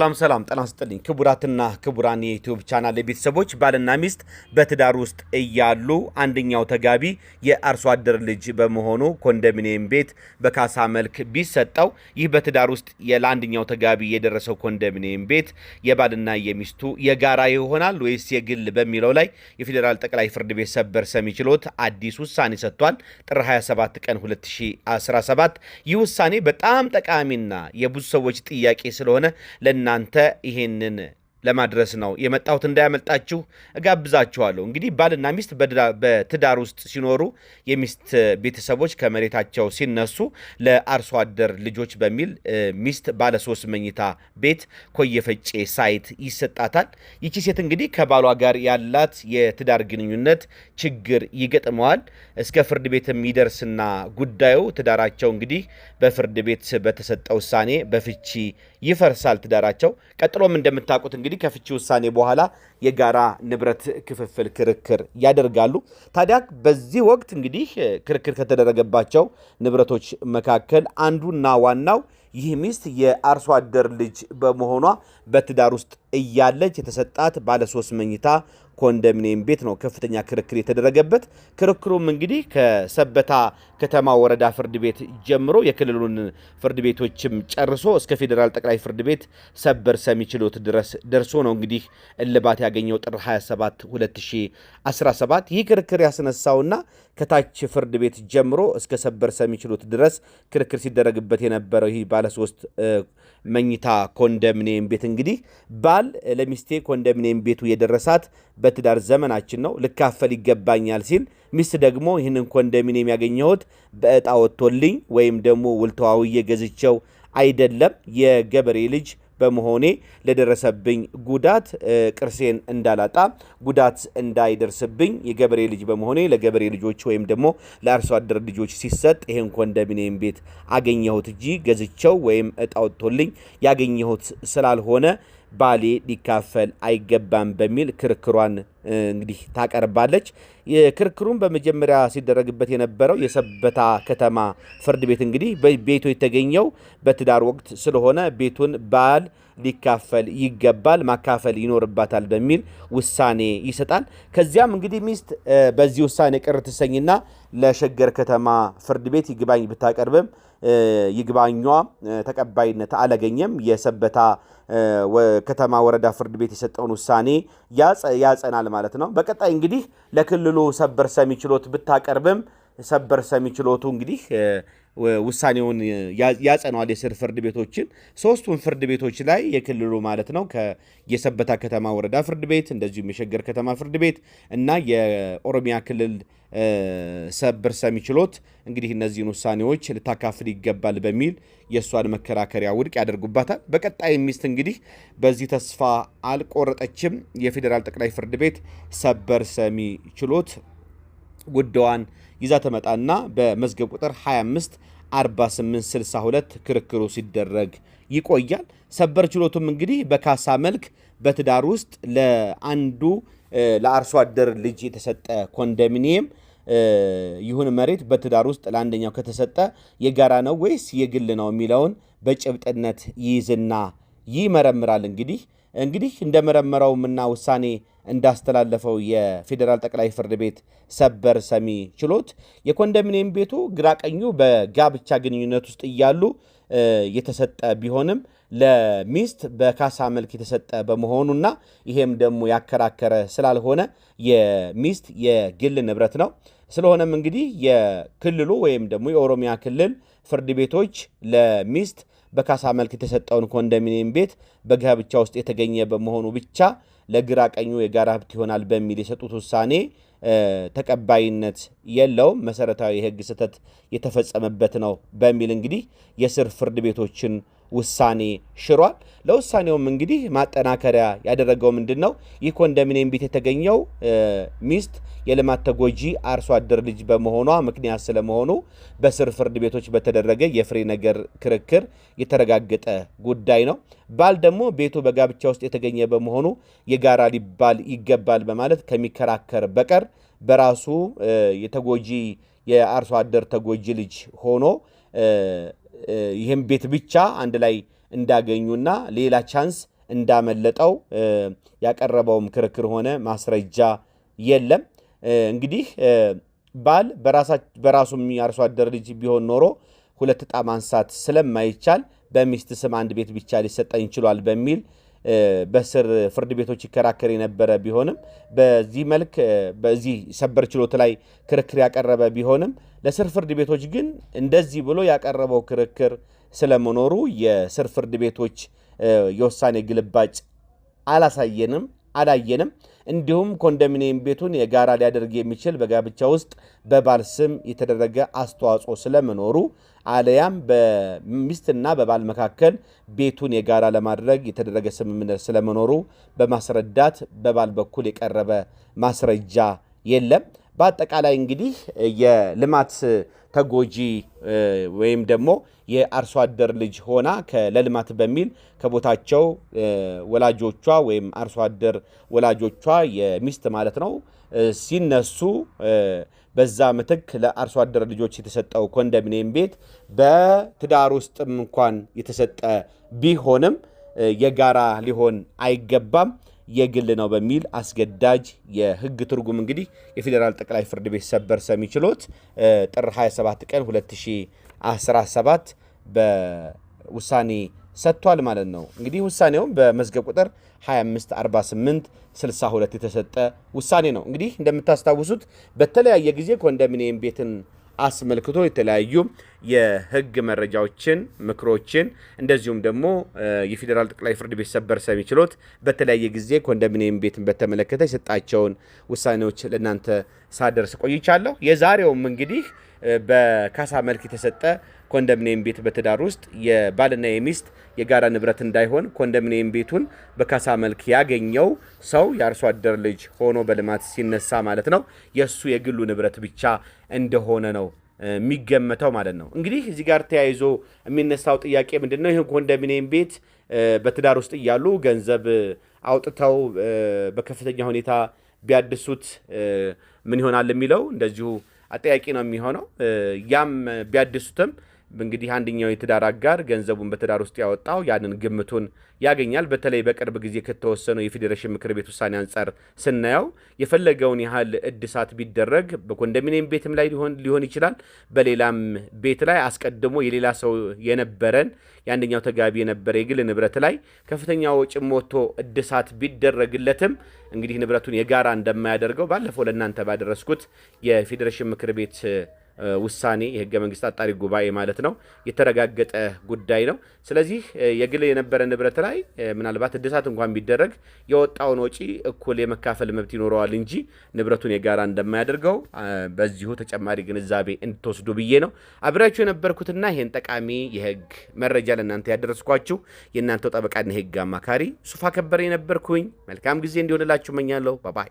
ሰላም ሰላም ጤና ይስጥልኝ ክቡራትና ክቡራን የዩቲዩብ ቻናል ቤተሰቦች፣ ባልና ሚስት በትዳር ውስጥ እያሉ አንደኛው ተጋቢ የአርሶ አደር ልጅ በመሆኑ ኮንዶሚኒየም ቤት በካሳ መልክ ቢሰጠው ይህ በትዳር ውስጥ ለአንደኛው ተጋቢ የደረሰው ኮንዶሚኒየም ቤት የባልና የሚስቱ የጋራ ይሆናል ወይስ የግል በሚለው ላይ የፌዴራል ጠቅላይ ፍርድ ቤት ሰበር ሰሚ ችሎት አዲስ ውሳኔ ሰጥቷል። ጥር 27 ቀን 2017 ይህ ውሳኔ በጣም ጠቃሚና የብዙ ሰዎች ጥያቄ ስለሆነ ለ እናንተ ይህንን ለማድረስ ነው የመጣሁት። እንዳያመልጣችሁ እጋብዛችኋለሁ። እንግዲህ ባልና ሚስት በትዳር ውስጥ ሲኖሩ የሚስት ቤተሰቦች ከመሬታቸው ሲነሱ ለአርሶ አደር ልጆች በሚል ሚስት ባለ ሶስት መኝታ ቤት ኮየፈጬ ሳይት ይሰጣታል። ይቺ ሴት እንግዲህ ከባሏ ጋር ያላት የትዳር ግንኙነት ችግር ይገጥመዋል። እስከ ፍርድ ቤትም ይደርስና ጉዳዩ ትዳራቸው እንግዲህ በፍርድ ቤት በተሰጠ ውሳኔ በፍቺ ይፈርሳል። ትዳራቸው ቀጥሎም እንደምታውቁት እንግዲህ እንግዲህ ከፍቺ ውሳኔ በኋላ የጋራ ንብረት ክፍፍል ክርክር ያደርጋሉ። ታዲያ በዚህ ወቅት እንግዲህ ክርክር ከተደረገባቸው ንብረቶች መካከል አንዱና ዋናው ይህ ሚስት የአርሶ አደር ልጅ በመሆኗ በትዳር ውስጥ እያለች የተሰጣት ባለ ሶስት መኝታ ኮንዶሚኒየም ቤት ነው ከፍተኛ ክርክር የተደረገበት። ክርክሩም እንግዲህ ከሰበታ ከተማ ወረዳ ፍርድ ቤት ጀምሮ የክልሉን ፍርድ ቤቶችም ጨርሶ እስከ ፌዴራል ጠቅላይ ፍርድ ቤት ሰበር ሰሚ ችሎት ድረስ ደርሶ ነው እንግዲህ እልባት ያገኘው ጥር 27 2017። ይህ ክርክር ያስነሳውና ከታች ፍርድ ቤት ጀምሮ እስከ ሰበር ሰሚ ችሎት ድረስ ክርክር ሲደረግበት የነበረው ይህ ባለሶስት መኝታ ኮንደምኒየም ቤት እንግዲህ ባል ለሚስቴ ኮንደምኒየም ቤቱ የደረሳት በትዳር ዘመናችን ነው ልካፈል ይገባኛል ሲል፣ ሚስት ደግሞ ይህንን ኮንዶሚኒየም ያገኘሁት በእጣ ወጥቶልኝ ወይም ደግሞ ውልተዋውዬ ገዝቸው አይደለም የገበሬ ልጅ በመሆኔ ለደረሰብኝ ጉዳት ቅርሴን እንዳላጣ ጉዳት እንዳይደርስብኝ የገበሬ ልጅ በመሆኔ ለገበሬ ልጆች ወይም ደግሞ ለአርሶ አደር ልጆች ሲሰጥ ይሄን ኮንዶሚኒየም ቤት አገኘሁት እንጂ ገዝቸው ወይም እጣ ወጥቶልኝ ያገኘሁት ስላልሆነ ባሌ ሊካፈል አይገባም በሚል ክርክሯን እንግዲህ ታቀርባለች። ክርክሩም በመጀመሪያ ሲደረግበት የነበረው የሰበታ ከተማ ፍርድ ቤት እንግዲህ ቤቱ የተገኘው በትዳር ወቅት ስለሆነ ቤቱን ባል ሊካፈል ይገባል፣ ማካፈል ይኖርባታል በሚል ውሳኔ ይሰጣል። ከዚያም እንግዲህ ሚስት በዚህ ውሳኔ ቅር ትሰኝና ለሸገር ከተማ ፍርድ ቤት ይግባኝ ብታቀርብም ይግባኟ ተቀባይነት አላገኘም። የሰበታ ከተማ ወረዳ ፍርድ ቤት የሰጠውን ውሳኔ ያጸናል ማለት ነው። በቀጣይ እንግዲህ ለክልሉ ሰበር ሰሚ ችሎት ብታቀርብም ሰበር ሰሚ ችሎቱ እንግዲህ ውሳኔውን ያጸነዋል። የስር ፍርድ ቤቶችን ሶስቱን ፍርድ ቤቶች ላይ የክልሉ ማለት ነው የሰበታ ከተማ ወረዳ ፍርድ ቤት እንደዚሁም የሸገር ከተማ ፍርድ ቤት እና የኦሮሚያ ክልል ሰበር ሰሚ ችሎት እንግዲህ እነዚህን ውሳኔዎች ልታካፍል ይገባል በሚል የእሷን መከራከሪያ ውድቅ ያደርጉባታል። በቀጣይ ሚስት እንግዲህ በዚህ ተስፋ አልቆረጠችም። የፌዴራል ጠቅላይ ፍርድ ቤት ሰበር ሰሚ ችሎት ጉዳዋን ይዛ ተመጣና በመዝገብ ቁጥር 25 4862 ክርክሩ ሲደረግ ይቆያል። ሰበር ችሎቱም እንግዲህ በካሳ መልክ በትዳር ውስጥ ለአንዱ ለአርሶ አደር ልጅ የተሰጠ ኮንዶሚኒየም ይሁን መሬት በትዳር ውስጥ ለአንደኛው ከተሰጠ የጋራ ነው ወይስ የግል ነው የሚለውን በጭብጥነት ይይዝና ይመረምራል እንግዲህ እንግዲህ እንደመረመረውምና ውሳኔ እንዳስተላለፈው የፌዴራል ጠቅላይ ፍርድ ቤት ሰበር ሰሚ ችሎት የኮንዶሚኒየም ቤቱ ግራቀኙ በጋብቻ ግንኙነት ውስጥ እያሉ የተሰጠ ቢሆንም ለሚስት በካሳ መልክ የተሰጠ በመሆኑና ይሄም ደግሞ ያከራከረ ስላልሆነ የሚስት የግል ንብረት ነው። ስለሆነም እንግዲህ የክልሉ ወይም ደግሞ የኦሮሚያ ክልል ፍርድ ቤቶች ለሚስት በካሳ መልክ የተሰጠውን ኮንዶሚኒየም ቤት በጋብቻ ውስጥ የተገኘ በመሆኑ ብቻ ለግራ ቀኙ የጋራ ሀብት ይሆናል በሚል የሰጡት ውሳኔ ተቀባይነት የለውም፣ መሰረታዊ የህግ ስህተት የተፈጸመበት ነው በሚል እንግዲህ የስር ፍርድ ቤቶችን ውሳኔ ሽሯል። ለውሳኔውም እንግዲህ ማጠናከሪያ ያደረገው ምንድን ነው? ይህ ኮንዶሚኒየም ቤት የተገኘው ሚስት የልማት ተጎጂ አርሶ አደር ልጅ በመሆኗ ምክንያት ስለመሆኑ በስር ፍርድ ቤቶች በተደረገ የፍሬ ነገር ክርክር የተረጋገጠ ጉዳይ ነው። ባል ደግሞ ቤቱ በጋብቻ ውስጥ የተገኘ በመሆኑ የጋራ ሊባል ይገባል በማለት ከሚከራከር በቀር በራሱ የተጎጂ የአርሶ አደር ተጎጂ ልጅ ሆኖ ይህም ቤት ብቻ አንድ ላይ እንዳገኙና ሌላ ቻንስ እንዳመለጠው ያቀረበውም ክርክር ሆነ ማስረጃ የለም። እንግዲህ ባል በራሱ የአርሶ አደር ልጅ ቢሆን ኖሮ ሁለት ዕጣ ማንሳት ስለማይቻል በሚስት ስም አንድ ቤት ብቻ ሊሰጠኝ ችሏል በሚል በስር ፍርድ ቤቶች ይከራከር የነበረ ቢሆንም በዚህ መልክ በዚህ ሰበር ችሎት ላይ ክርክር ያቀረበ ቢሆንም ለስር ፍርድ ቤቶች ግን እንደዚህ ብሎ ያቀረበው ክርክር ስለመኖሩ የስር ፍርድ ቤቶች የውሳኔ ግልባጭ አላሳየንም። አላየንም። እንዲሁም ኮንዶሚኒየም ቤቱን የጋራ ሊያደርግ የሚችል በጋብቻ ውስጥ በባል ስም የተደረገ አስተዋጽኦ ስለመኖሩ አለያም በሚስትና በባል መካከል ቤቱን የጋራ ለማድረግ የተደረገ ስምምነት ስለመኖሩ በማስረዳት በባል በኩል የቀረበ ማስረጃ የለም። በአጠቃላይ እንግዲህ የልማት ተጎጂ ወይም ደግሞ የአርሶ አደር ልጅ ሆና ለልማት በሚል ከቦታቸው ወላጆቿ ወይም አርሶ አደር ወላጆቿ የሚስት ማለት ነው ሲነሱ በዛ ምትክ ለአርሶ አደር ልጆች የተሰጠው ኮንዶሚኒየም ቤት በትዳር ውስጥም እንኳን የተሰጠ ቢሆንም የጋራ ሊሆን አይገባም፣ የግል ነው በሚል አስገዳጅ የህግ ትርጉም እንግዲህ የፌዴራል ጠቅላይ ፍርድ ቤት ሰበር ሰሚ ችሎት ጥር 27 ቀን 2017 በውሳኔ ሰጥቷል ማለት ነው። እንግዲህ ውሳኔውም በመዝገብ ቁጥር 2548 62 የተሰጠ ውሳኔ ነው። እንግዲህ እንደምታስታውሱት በተለያየ ጊዜ ኮንዶሚኒየም ቤትን አስመልክቶ የተለያዩ የህግ መረጃዎችን፣ ምክሮችን እንደዚሁም ደግሞ የፌዴራል ጠቅላይ ፍርድ ቤት ሰበር ሰሚ ችሎት በተለያየ ጊዜ ኮንዶሚኒየም ቤትን በተመለከተ የሰጣቸውን ውሳኔዎች ለእናንተ ሳደርስ ቆይቻለሁ። የዛሬውም እንግዲህ በካሳ መልክ የተሰጠ ኮንዶሚኒየም ቤት በትዳር ውስጥ የባልና የሚስት የጋራ ንብረት እንዳይሆን ኮንዶሚኒየም ቤቱን በካሳ መልክ ያገኘው ሰው የአርሶ አደር ልጅ ሆኖ በልማት ሲነሳ ማለት ነው የእሱ የግሉ ንብረት ብቻ እንደሆነ ነው የሚገመተው ማለት ነው። እንግዲህ እዚህ ጋር ተያይዞ የሚነሳው ጥያቄ ምንድን ነው? ይህ ኮንዶሚኒየም ቤት በትዳር ውስጥ እያሉ ገንዘብ አውጥተው በከፍተኛ ሁኔታ ቢያድሱት ምን ይሆናል የሚለው እንደዚሁ አጠያቂ ነው የሚሆነው። ያም ቢያድሱትም እንግዲህ አንደኛው የትዳር አጋር ገንዘቡን በትዳር ውስጥ ያወጣው ያንን ግምቱን ያገኛል። በተለይ በቅርብ ጊዜ ከተወሰነው የፌዴሬሽን ምክር ቤት ውሳኔ አንጻር ስናየው የፈለገውን ያህል እድሳት ቢደረግ በኮንዶሚኒየም ቤትም ላይ ሊሆን ይችላል፣ በሌላም ቤት ላይ አስቀድሞ የሌላ ሰው የነበረን የአንደኛው ተጋቢ የነበረ የግል ንብረት ላይ ከፍተኛ ወጪ ሞቶ እድሳት ቢደረግለትም እንግዲህ ንብረቱን የጋራ እንደማያደርገው ባለፈው ለእናንተ ባደረስኩት የፌዴሬሽን ምክር ቤት ውሳኔ የህገ መንግስት አጣሪ ጉባኤ ማለት ነው የተረጋገጠ ጉዳይ ነው። ስለዚህ የግል የነበረ ንብረት ላይ ምናልባት እድሳት እንኳን ቢደረግ የወጣውን ወጪ እኩል የመካፈል መብት ይኖረዋል እንጂ ንብረቱን የጋራ እንደማያደርገው በዚሁ ተጨማሪ ግንዛቤ እንድትወስዱ ብዬ ነው አብሬያችሁ የነበርኩትና ይህን ጠቃሚ የህግ መረጃ ለእናንተ ያደረስኳችሁ የእናንተው ጠበቃና የህግ አማካሪ ሱፋ ከበረ የነበርኩኝ። መልካም ጊዜ እንዲሆንላችሁ መኛለሁ። ባባይ